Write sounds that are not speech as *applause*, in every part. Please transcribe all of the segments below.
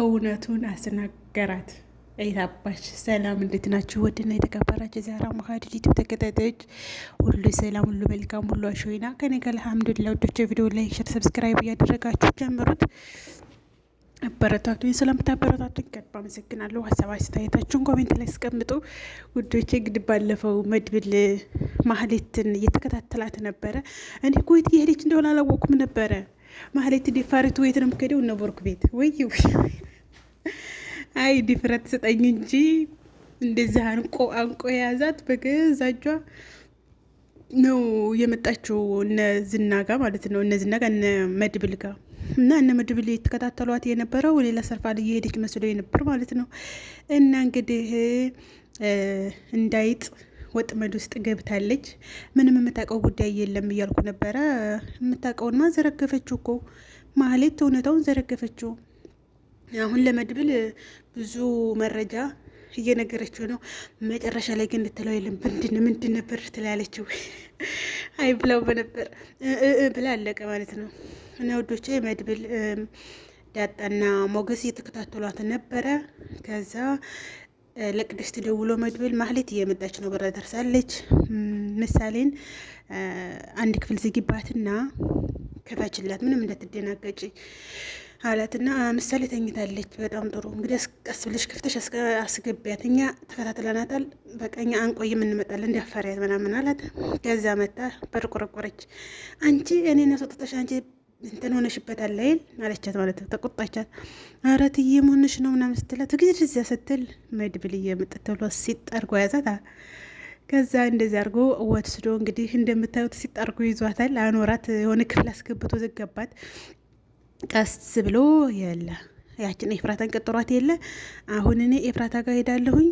እውነቱን አስናገራት። የታባች ሰላም እንዴት ናችሁ? ወድና የተከበራችሁ የዛራ መሀድ ዩቲዩብ ተከታታዮች ሁሉ ሰላም፣ ሁሉ መልካም፣ ሁሉ አሾይና ከኔ ጋር አልሐምዱሊላ። ወዶች ቪዲዮ ላይ ሸር፣ ሰብስክራይብ እያደረጋችሁ ጀምሩት። አበረታቱኝ። ስለምታበረታቱኝ ከልብ አመሰግናለሁ። ሀሳብ አስተያየታችሁን ኮሜንት ላይ አስቀምጡ ውዶቼ። እንግዲህ ባለፈው መድብል ማህሌትን እየተከታተላት ነበረ። እኔ ኮይት የሄደች እንደሆነ አላወኩም ነበረ ማህሌት ዲፋሪቱ ቤት ነው የምትሄደው፣ እነ ቦርክ ቤት ወይ አይ ዲፍረት ስጠኝ እንጂ እንደዚህ አንቆ አንቆ የያዛት በገዛ እጇ ነው የመጣችው። እነ ዝናጋ ማለት ነው እነ ዝናጋ እነ መድብል ጋ እና እነ መድብል የተከታተሏት የነበረው ሌላ ላይ የሄደች መስሎ የነበር ማለት ነው። እና እንግዲህ እንዳይጥ ወጥመድ ውስጥ ገብታለች። ምንም የምታውቀው ጉዳይ የለም እያልኩ ነበረ። የምታውቀውንማ ዘረገፈችው እኮ ማህሌት፣ እውነታውን ዘረገፈችው። አሁን ለመድብል ብዙ መረጃ እየነገረችው ነው። መጨረሻ ላይ ግን ልትለው የለም ምንድን ምንድን ነበር ትላለችው። አይ ብላው በነበር ብላ አለቀ ማለት ነው። እና ወዶቼ መድብል ዳጣና ሞገስ እየተከታተሏት ነበረ ከዛ ለቅድስት ደውሎ መድብል ማህሌት እየመጣች ነው፣ በራ ደርሳለች። ምሳሌን አንድ ክፍል ዝግባትና ከፈችላት ምንም እንዳትደናገጭ አላትና ምሳሌ ተኝታለች። በጣም ጥሩ እንግዲህ ቀስ ብለሽ ክፍተሽ አስገቢያት፣ እኛ ተከታትለናታል፣ በቃ እኛ አንቆይም እንመጣለን፣ እንዳፈሪያት ምናምን አላት። ከዛ መታ በር ቆረቆረች። አንቺ እኔን ያስወጥተሽ አንቺ እንትን ሆነሽበት አለይን አለቻት ማለት ተቆጣቻት። ኧረ ትዬ መሆንሽ ነው ምናምን ስትላት ጊዜ እዚያ ስትል መድብል እየመጠት ብሎ ሲጠርጎ ያዛት። ከዛ እንደዚህ አድርጎ ወስዶ እንግዲህ እንደምታዩት ሲጠርጎ ይዟታል። አኖራት የሆነ ክፍል አስገብቶ ዘገባት። ቀስ ብሎ የለ ያችን ኤፍራታን ቀጥሯት የለ አሁን እኔ ኤፍራታ ጋር ሄዳለሁኝ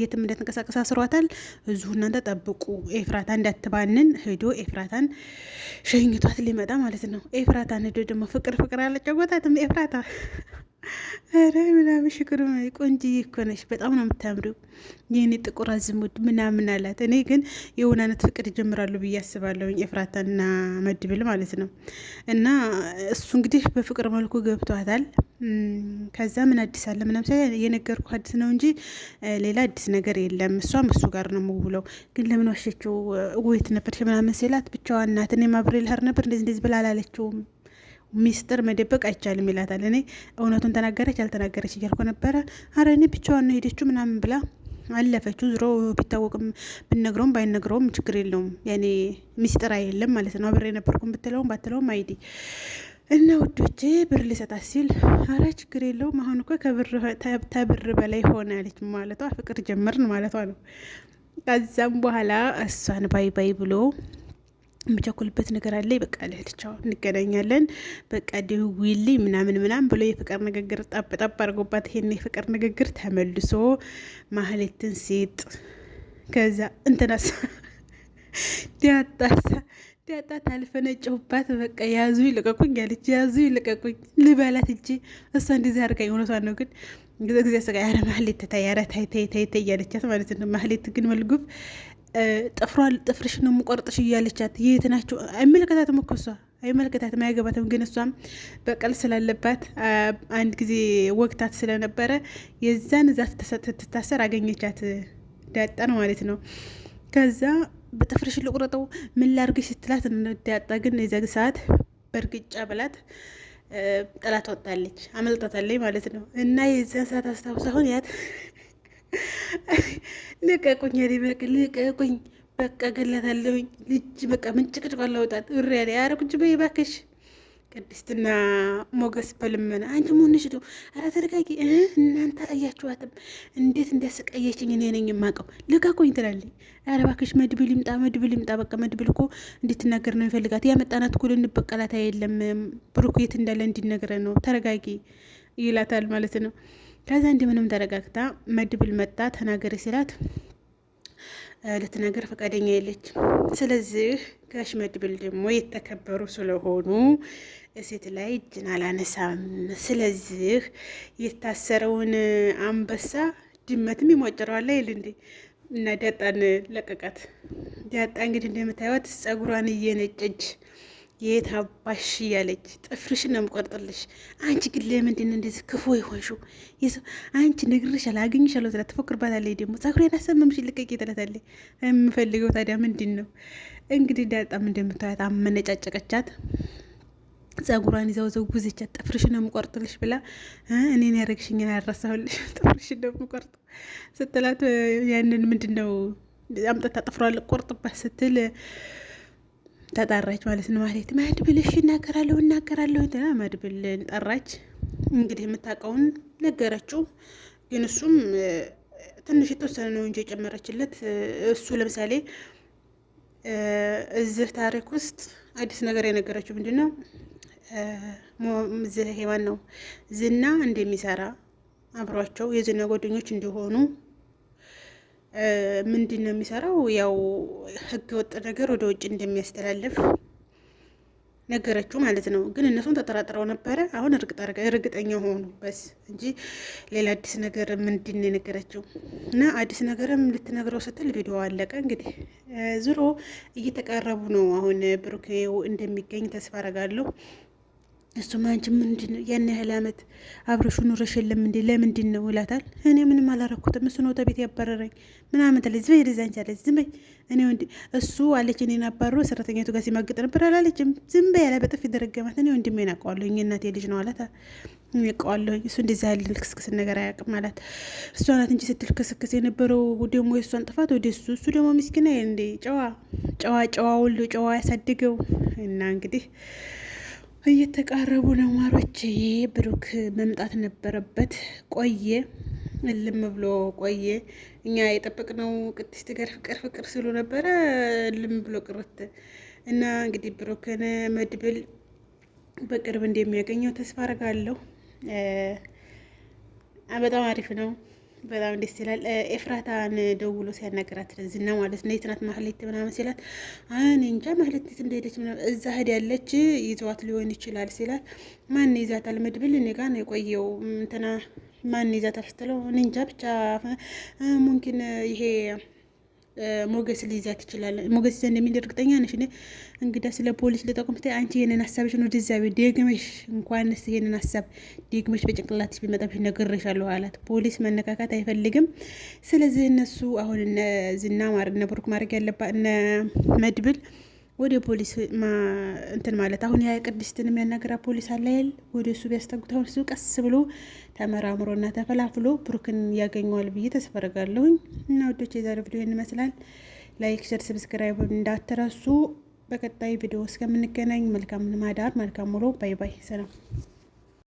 የትም እንደተንቀሳቀስ አስሯታል። እዚሁ እናንተ ጠብቁ፣ ኤፍራታ እንዳትባንን ሄዶ ኤፍራታን ሸኝቷት ሊመጣ ማለት ነው። ኤፍራታን ሄዶ ደግሞ ፍቅር ፍቅር አለጨወታትም ኤፍራታ ኧረ ምናምን ሽክር ቆንጅዬ እኮ ነሽ፣ በጣም ነው የምታምሪው፣ ይህኔ ጥቁር አዝሙድ ምናምን አላት። እኔ ግን የሆነ አይነት ፍቅር ይጀምራሉ ብዬ አስባለሁኝ ኤፍራታና መድብል ማለት ነው። እና እሱ እንግዲህ በፍቅር መልኩ ገብቷታል። ከዛ ምን አዲስ አለ ምናምን ሳይሆን የነገርኩ አዲስ ነው እንጂ ሌላ አዲስ ነገር የለም። እሷም እሱ ጋር ነው የምውለው። ግን ለምን ዋሸችው? ውየት ነበር ምናምን ሲላት ብቻዋን ናት። እኔም አብሬ ልሄድ ነበር እንደዚህ እንደዚህ ብላ አላለችውም ሚስጥር መደበቅ አይቻልም ይላታል። እኔ እውነቱን ተናገረች አልተናገረች እያልኩ ነበረ። አረ እኔ ብቻዋን ነው ሄደችው ምናምን ብላ አለፈችው። ዝሮ ቢታወቅም ብነግረውም ባይነግረውም ችግር የለውም ያኔ ሚስጥር አየለም ማለት ነው። አብሬ ነበርኩም ብትለውም ባትለውም አይዲ እና ውዶቼ ብር ልሰጣት ሲል አረ ችግር የለውም አሁን እኮ ተብር በላይ ሆነ ያለች ማለቷ ፍቅር ጀመርን ማለቷ ነው። ከዛም በኋላ እሷን ባይ ባይ ብሎ የምቸኩልበት ነገር አለ። በቃ ልህልቻው እንገናኛለን፣ በቃ ደውይልኝ ምናምን ምናምን ብሎ የፍቅር ንግግር ጣበጣብ አድርጎባት ይሄን የፍቅር ንግግር ተመልሶ ማህሌትን ሴጥ ከዛ እንትናሳ ዲያጣሳ *laughs* ዳጣ ታልፈነጨሁባት በቃ ያዙ ይልቀቁኝ ያለች፣ ያዙ ይልቀቁኝ ልበላት እጂ እሷ እንደዚህ አድርጋኝ። እውነቷን ነው ግን ጊዜ ጊዜ ስጋ ያረ ማህሌት ተታይ ያረ ታይታይ ታይታይ እያለቻት ማለት ነው። ማህሌት ግን መልጉብ ጥፍሯል ጥፍርሽ ነው የምቆርጥሽ እያለቻት የት ናቸው አይመለከታትም እኮ እሷ አይመለከታትም፣ አያገባትም። ግን እሷም በቀል ስላለባት አንድ ጊዜ ወግታት ስለነበረ የዛን እዛ ስትታሰር አገኘቻት ዳጣን ማለት ነው። ከዛ በጥፍርሽ ልቁረጠው ምን ላድርግሽ ስትላት ዳጣ ግን የዛ ሰዓት በእርግጫ ብላት ጥላት ወጣለች፣ አመልጣታለች ማለት ነው። እና የዛን ሰዓት አስታውሳሁን ያት ልቀቁኝ፣ ሊበቅ ልቀቁኝ። በቃ ገለታለሁኝ ልጅ በቃ ምን ጭቅጭቅ አላወጣት እሪ ያለ ያረኩች በይ እባክሽ። ቅድስትና ሞገስ በልመና አንቺ መሆንሽ ነው። ኧረ ተረጋጊ። እናንተ አያችኋትም እንዴት እንዳሰቃየችኝ እኔ ነኝ የማውቀው። ልቀቁኝ ትላለች። ኧረ እባክሽ መድብል ይምጣ፣ መድብል ይምጣ። በቃ መድብል እኮ እንድትናገር ነው የሚፈልጋት። ያመጣናት እኮ ልንበቀላት የለም ብሩክ የት እንዳለ እንዲነግረን ነው። ተረጋጊ ይላታል ማለት ነው። ከዛ እንደምንም ተረጋግታ መድብል መጣ ተናገሪ ሲላት ልትነገር ፈቃደኛ የለች። ስለዚህ ጋሽ መድብል ደግሞ የተከበሩ ስለሆኑ እሴት ላይ እጅን አላነሳም። ስለዚህ የታሰረውን አንበሳ ድመትም ይሞጭረዋል ይል እንዴ እና ዳጣን ለቀቃት። ዳጣ እንግዲህ እንደምታዩት ጸጉሯን እየነጨች የት አባሽ እያለች ጥፍርሽን ነው የምቆርጥልሽ። አንቺ ግን ለምንድን እንደዚህ ክፉ የሆንሽው? አንቺ ነግሬሻለሁ፣ አግኝሻለሁ ስላት ትፎክርባታለች። ደግሞ ጸጉሬን አሰመምሽ ልቀቂ ትላታለች። የምፈልገው ታዲያ ምንድን ነው? እንግዲህ ዳጣም እንደምታያት አመነጫጨቀቻት። ጸጉሯን ይዘው ዘጉዘቻት። ጥፍርሽን ነው የምቆርጥልሽ ብላ እኔን ያደረግሽኝን ያረሳሁልሽ *laughs* ጥፍርሽን ነው የምቆርጥ ስትላት ያንን ምንድን ነው አምጠታ ጥፍሯን ልቆርጥባት ስትል ተጠራች ማለት ነው። ማለት መድብልሽ እናገራለሁ እናገራለሁ መድብልን ጠራች። እንግዲህ የምታውቀውን ነገረችው። ግን እሱም ትንሽ የተወሰነ ነው እንጂ የጨመረችለት እሱ ለምሳሌ እዚህ ታሪክ ውስጥ አዲስ ነገር የነገረችው ምንድን ነው ዝህ ነው ዝና እንደሚሰራ አብሯቸው የዝና ጓደኞች እንዲሆኑ ምንድን ነው የሚሰራው? ያው ህገ ወጥ ነገር ወደ ውጭ እንደሚያስተላልፍ ነገረችው ማለት ነው። ግን እነሱም ተጠራጥረው ነበረ። አሁን እርግጠኛ ሆኑ በስ እንጂ ሌላ አዲስ ነገር ምንድን ነው የነገረችው? እና አዲስ ነገርም ልትነግረው ስትል ቪዲዮ አለቀ። እንግዲህ ዙሮ እየተቃረቡ ነው። አሁን ብሩክ እንደሚገኝ ተስፋ አረጋለሁ። እሱም አንቺ ምንድን ነው ያን ያህል አመት አብረሹ ኑረሽ የለም እንዴ? ለምንድን ነው ይላታል። እኔ ምንም አላረኩትም፣ እሱ ነው ተቤት ያባረረኝ ምናምን ትለኝ። ዝም በይ ዛንቺ አለች። ዝም በይ እኔ ወንድ እሱ አለች። እኔን አባሮ ሰራተኛቱ ጋር ሲማግጥ ነበር አላለችም። ዝም በይ ያለ በጥፍ ይደረገማት። እኔ ወንድሜን አውቀዋለሁ፣ እናቴ ልጅ ነው አላት። ይቀዋለሁኝ እሱ እንደዚህ ያለ ልክስክስ ነገር አያውቅም አላት። እሷ ናት እንጂ ስትልክስክስ የነበረው ደግሞ የእሷን ጥፋት ወደ እሱ እሱ ደግሞ ምስኪና እንዴ ጨዋ ጨዋ ጨዋ ወልዶ ጨዋ ያሳድገው እና እንግዲህ እየተቃረቡ ነው ማሮች። ብሩክ መምጣት ነበረበት፣ ቆየ፣ እልም ብሎ ቆየ። እኛ የጠበቅነው ቅድስት ጋር ፍቅር ፍቅር ስሉ ነበረ፣ እልም ብሎ ቅርት እና እንግዲህ ብሩክን መድብል በቅርብ እንደሚያገኘው ተስፋ አርጋለሁ። በጣም አሪፍ ነው። በጣም ደስ ይላል። ኤፍራታን ደውሎ ሲያናገራት ዝና ማለት ነው የትናት ማህሌት ምናምን ሲላት እኔ እንጃ ማህሌት እንደሄደች ምናምን እዛ ሄድ ያለች ይዘዋት ሊሆን ይችላል ሲላት ማን ይዛታል መድብል እኔ ጋር ነው የቆየው እንትና ማን ይዛታል ስትለው እኔ እንጃ ብቻ ሙንኪን ይሄ ሞገስ ሊይዛት ይችላል። ሞገስ ይዘን እንደሚል እርግጠኛ ነሽ? እንግዳ ስለ ፖሊስ ልጠቁም ስታይ አንቺ ይህንን ሀሳብሽን ወደዛ ቤት ደግመሽ እንኳንስ ይህንን ሀሳብ ደግመሽ በጭንቅላትሽ ቢመጣብሽ ነግሬሻለሁ አላት። ፖሊስ መነካካት አይፈልግም። ስለዚህ እነሱ አሁን ዝና ማር እነ ብሩክ ማድረግ ያለባት እነ መድብል ወደ ፖሊስ እንትን ማለት አሁን ያ ቅድስትን የሚያናገራ ፖሊስ አለ አይደል? ወደ እሱ ቢያስጠጉት አሁን እሱ ቀስ ብሎ ተመራምሮ ተመራምሮና ተፈላፍሎ ብሩክን ያገኘዋል ብዬ ተስፋ አደርጋለሁኝ። እና ውዶች የዛሬ ቪዲዮ ይህን ይመስላል። ላይክ፣ ሸር፣ ሰብስክራይብ እንዳትረሱ። በቀጣይ ቪዲዮ እስከምንገናኝ መልካም ማዳር፣ መልካም ውሎ። ባይ ባይ። ሰላም